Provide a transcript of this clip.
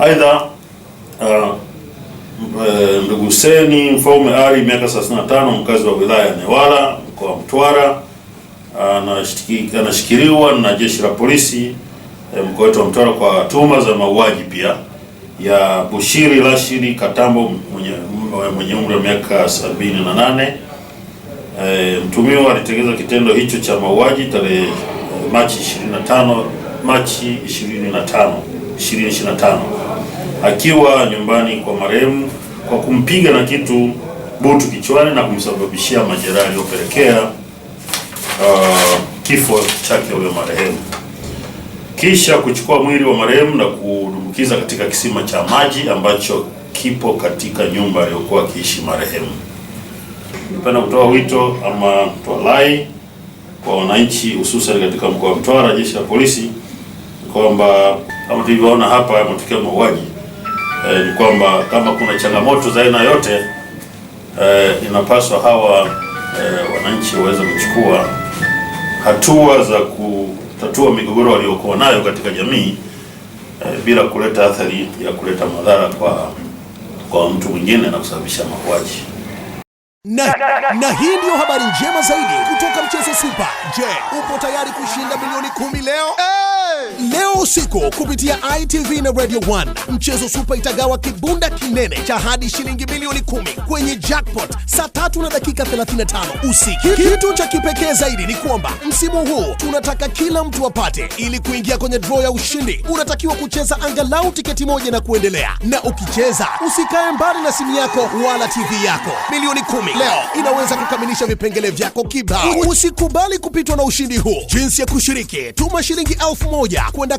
Aidha, uh, uh, ndugu Seni Mfaume Ali miaka 35 mkazi wa wilaya ya Newala mkoa wa Mtwara anashikiliwa na jeshi la polisi eh, mkoa wetu wa Mtwara kwa tuhuma za mauaji pia ya Bushiri Rashidi Katambo mwenye, mwenye umri wa miaka 78. E, eh, mtumiwa alitekeleza kitendo hicho cha mauaji tarehe eh, Machi 25 Machi 25 2025 akiwa nyumbani kwa marehemu kwa kumpiga na kitu butu kichwani na kumsababishia majeraha yaliyopelekea uh, kifo chake huyo marehemu, kisha kuchukua mwili wa marehemu na kudumbukiza katika kisima cha maji ambacho kipo katika nyumba aliyokuwa akiishi marehemu. Napenda kutoa wito ama kutoa rai kwa wananchi, hususan katika mkoa wa Mtwara, jeshi la polisi kwamba kama tulivyoona hapa ya mauaji eh, ni kwamba kama kuna changamoto za aina yote eh, inapaswa hawa eh, wananchi waweze kuchukua hatua za kutatua migogoro waliokuwa nayo katika jamii eh, bila kuleta athari ya kuleta madhara kwa kwa mtu mwingine na kusababisha mauaji. Na, na hii ndiyo habari njema zaidi kutoka mchezo Super. Je, upo tayari kushinda milioni kumi leo? Hey! Leo usiku kupitia ITV na Radio 1. Mchezo Super itagawa kibunda kinene cha hadi shilingi bilioni 10 kwenye jackpot saa tatu na dakika 35 usiku. Kitu cha kipekee zaidi ni kwamba msimu huu tunataka kila mtu apate. Ili kuingia kwenye draw ya ushindi, unatakiwa kucheza angalau tiketi moja na kuendelea, na ukicheza usikae mbali na simu yako wala TV yako. Milioni 10 leo inaweza kukamilisha vipengele vyako kibao. Usikubali kupitwa na ushindi huu. Jinsi ya kushiriki: tuma shilingi elfu moja kwenda